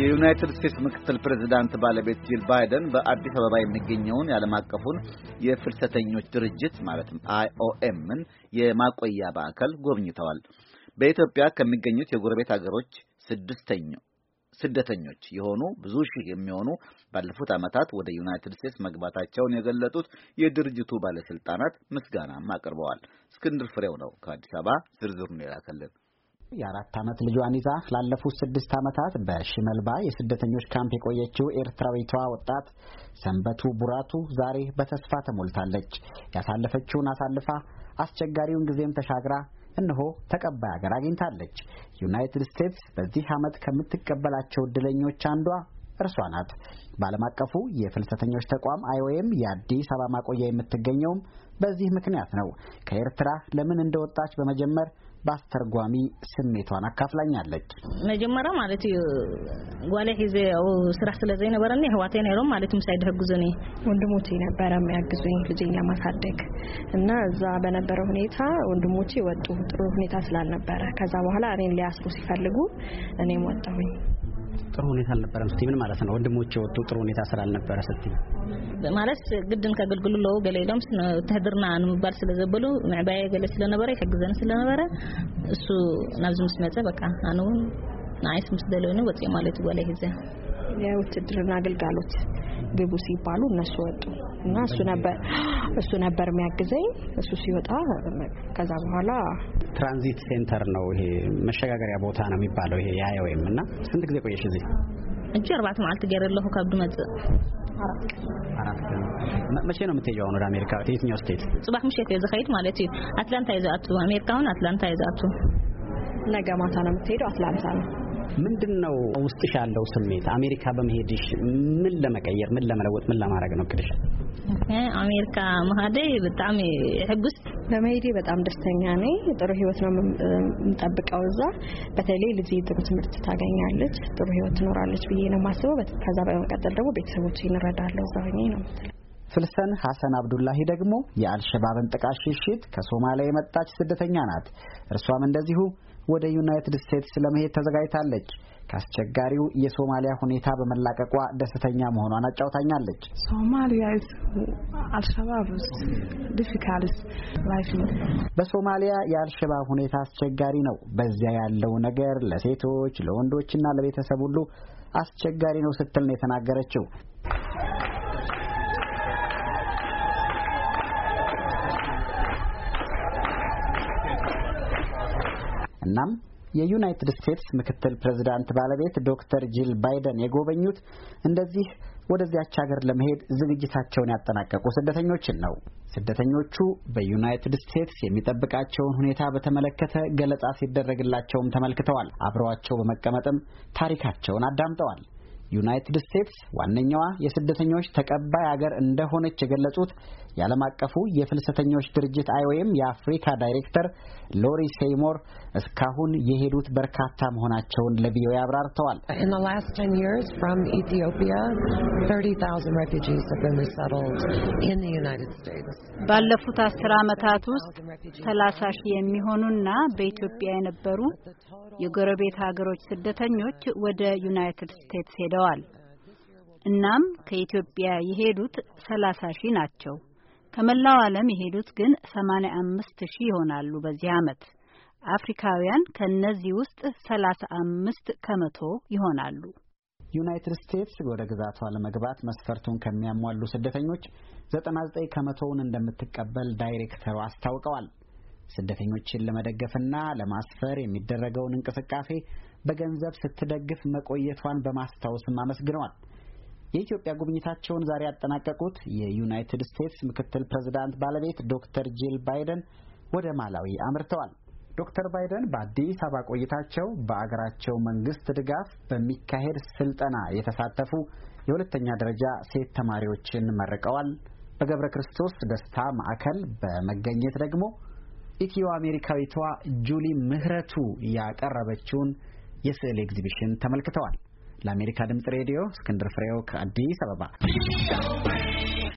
የዩናይትድ ስቴትስ ምክትል ፕሬዚዳንት ባለቤት ጂል ባይደን በአዲስ አበባ የሚገኘውን የዓለም አቀፉን የፍልሰተኞች ድርጅት ማለትም አይኦኤምን የማቆያ ማዕከል ጎብኝተዋል። በኢትዮጵያ ከሚገኙት የጎረቤት አገሮች ስድስተኛው ስደተኞች የሆኑ ብዙ ሺህ የሚሆኑ ባለፉት ዓመታት ወደ ዩናይትድ ስቴትስ መግባታቸውን የገለጡት የድርጅቱ ባለስልጣናት ምስጋናም አቅርበዋል። እስክንድር ፍሬው ነው ከአዲስ አበባ ዝርዝሩን የላከልን። የአራት ዓመት ልጇን ይዛ ላለፉት ስድስት ዓመታት በሽመልባ የስደተኞች ካምፕ የቆየችው ኤርትራዊቷ ወጣት ሰንበቱ ቡራቱ ዛሬ በተስፋ ተሞልታለች። ያሳለፈችውን አሳልፋ አስቸጋሪውን ጊዜም ተሻግራ እነሆ ተቀባይ ሀገር አግኝታለች። ዩናይትድ ስቴትስ በዚህ ዓመት ከምትቀበላቸው ዕድለኞች አንዷ እርሷ ናት። በዓለም አቀፉ የፍልሰተኞች ተቋም አይኦኤም የአዲስ አበባ ማቆያ የምትገኘውም በዚህ ምክንያት ነው። ከኤርትራ ለምን እንደወጣች በመጀመር በአስተርጓሚ ስሜቷን አካፍላኛለች። መጀመሪያ ማለት እዩ ጓሌ ጊዜ ያው ስራሕ ስለ ዘይነበረኒ ህዋቴ ነይሮም ማለት ምሳይ ድሕግዙኒ ወንድሞቼ ነበረ የሚያግዙኝ ልጄን ለማሳደግ እና እዛ በነበረ ሁኔታ ወንድሞቼ ወጡ፣ ጥሩ ሁኔታ ስላልነበረ። ከዛ በኋላ እኔን ሊያስሩ ሲፈልጉ እኔም ወጣሁኝ። ጥሩ ሁኔታ አልነበረም ስቲ ምን ማለት ነው? ወንድሞች የወጡ ጥሩ ሁኔታ ስላልነበረ ስቲ ማለት ግድን ከገልግሉ ገለ ኢሎም ተህድርና ንምባል ስለዘበሉ ምዕባየ ገለ ስለነበረ ይሕግዘን ስለነበረ እሱ ናብዚ ምስ መፀ በቃ ኣነ እውን ንዓይስ ምስ ደለዩኒ ወፅኦ ማለት ጓለ ሂዘ የውትድርና አገልጋሎት ግቡ ሲባሉ እነሱ ወጡ እና እሱ ነበር እሱ ነበር የሚያግዘኝ። እሱ ሲወጣ ከዛ በኋላ ትራንዚት ሴንተር ነው ይሄ መሸጋገሪያ ቦታ ነው የሚባለው ይሄ ያየ ወይም እና ስንት ጊዜ ቆየሽ እዚህ? እጅ አርባት መዓልቲ ገይረለኹ ካብ ድመፅእ መቼ ነው የምትሄጂው አሁን ወደ አሜሪካ? የትኛው ስቴት? ጽባህ ምሽት እየ ማለት እዩ። አትላንታ ይዛቱ አሜሪካውን አትላንታ ይዛቱ ዝኣቱ። ነገ ማታ ነው የምትሄደው። አትላንታ ነው ምንድን ነው ውስጥሽ ያለው ስሜት? አሜሪካ በመሄድሽ ምን ለመቀየር፣ ምን ለመለወጥ፣ ምን ለማድረግ ነው ቅድሽ? አሜሪካ መሄዴ በጣም ህጉስ በመሄዴ በጣም ደስተኛ ነኝ። ጥሩ ህይወት ነው የምጠብቀው እዛ። በተለይ ልጅ ጥሩ ትምህርት ታገኛለች፣ ጥሩ ህይወት ትኖራለች ብዬ ነው የማስበው። ከዛ በመቀጠል ደግሞ ቤተሰቦች እንረዳለሁ እዛ ሆኜ ነው ፍልሰን ሐሰን አብዱላሂ ደግሞ የአልሸባብን ጥቃት ሽሽት ከሶማሊያ የመጣች ስደተኛ ናት። እርሷም እንደዚሁ ወደ ዩናይትድ ስቴትስ ለመሄድ ተዘጋጅታለች። ከአስቸጋሪው የሶማሊያ ሁኔታ በመላቀቋ ደስተኛ መሆኗን አጫውታኛለች። በሶማሊያ የአልሸባብ ሁኔታ አስቸጋሪ ነው። በዚያ ያለው ነገር ለሴቶች ለወንዶችና ለቤተሰብ ሁሉ አስቸጋሪ ነው ስትል ነው የተናገረችው። እናም የዩናይትድ ስቴትስ ምክትል ፕሬዝዳንት ባለቤት ዶክተር ጂል ባይደን የጎበኙት እንደዚህ ወደዚያች ሀገር ለመሄድ ዝግጅታቸውን ያጠናቀቁ ስደተኞችን ነው። ስደተኞቹ በዩናይትድ ስቴትስ የሚጠብቃቸውን ሁኔታ በተመለከተ ገለጻ ሲደረግላቸውም ተመልክተዋል። አብረዋቸው በመቀመጥም ታሪካቸውን አዳምጠዋል። ዩናይትድ ስቴትስ ዋነኛዋ የስደተኞች ተቀባይ አገር እንደሆነች የገለጹት የዓለም አቀፉ የፍልሰተኞች ድርጅት አይኦኤም የአፍሪካ ዳይሬክተር ሎሪ ሴይሞር እስካሁን የሄዱት በርካታ መሆናቸውን ለቪኦኤ አብራርተዋል። ባለፉት አስር ዓመታት ውስጥ ሰላሳ ሺህ የሚሆኑና በኢትዮጵያ የነበሩ የጎረቤት ሀገሮች ስደተኞች ወደ ዩናይትድ ስቴትስ ሄደው ሄደዋል። እናም ከኢትዮጵያ የሄዱት 30 ሺህ ናቸው። ከመላው ዓለም የሄዱት ግን 85 ሺህ ይሆናሉ በዚህ አመት አፍሪካውያን ከነዚህ ውስጥ 35 ከመቶ ይሆናሉ። ዩናይትድ ስቴትስ ወደ ግዛቷ ለመግባት መስፈርቱን ከሚያሟሉ ስደተኞች 99 ከመቶውን እንደምትቀበል ዳይሬክተሩ አስታውቀዋል። ስደተኞችን ለመደገፍና ለማስፈር የሚደረገውን እንቅስቃሴ በገንዘብ ስትደግፍ መቆየቷን በማስታወስም አመስግነዋል። የኢትዮጵያ ጉብኝታቸውን ዛሬ ያጠናቀቁት የዩናይትድ ስቴትስ ምክትል ፕሬዝዳንት ባለቤት ዶክተር ጂል ባይደን ወደ ማላዊ አምርተዋል። ዶክተር ባይደን በአዲስ አበባ ቆይታቸው በአገራቸው መንግስት ድጋፍ በሚካሄድ ስልጠና የተሳተፉ የሁለተኛ ደረጃ ሴት ተማሪዎችን መርቀዋል። በገብረ ክርስቶስ ደስታ ማዕከል በመገኘት ደግሞ ኢትዮ አሜሪካዊቷ ጁሊ ምህረቱ ያቀረበችውን የስዕል ኤግዚቢሽን ተመልክተዋል። ለአሜሪካ ድምፅ ሬዲዮ እስክንድር ፍሬው ከአዲስ አበባ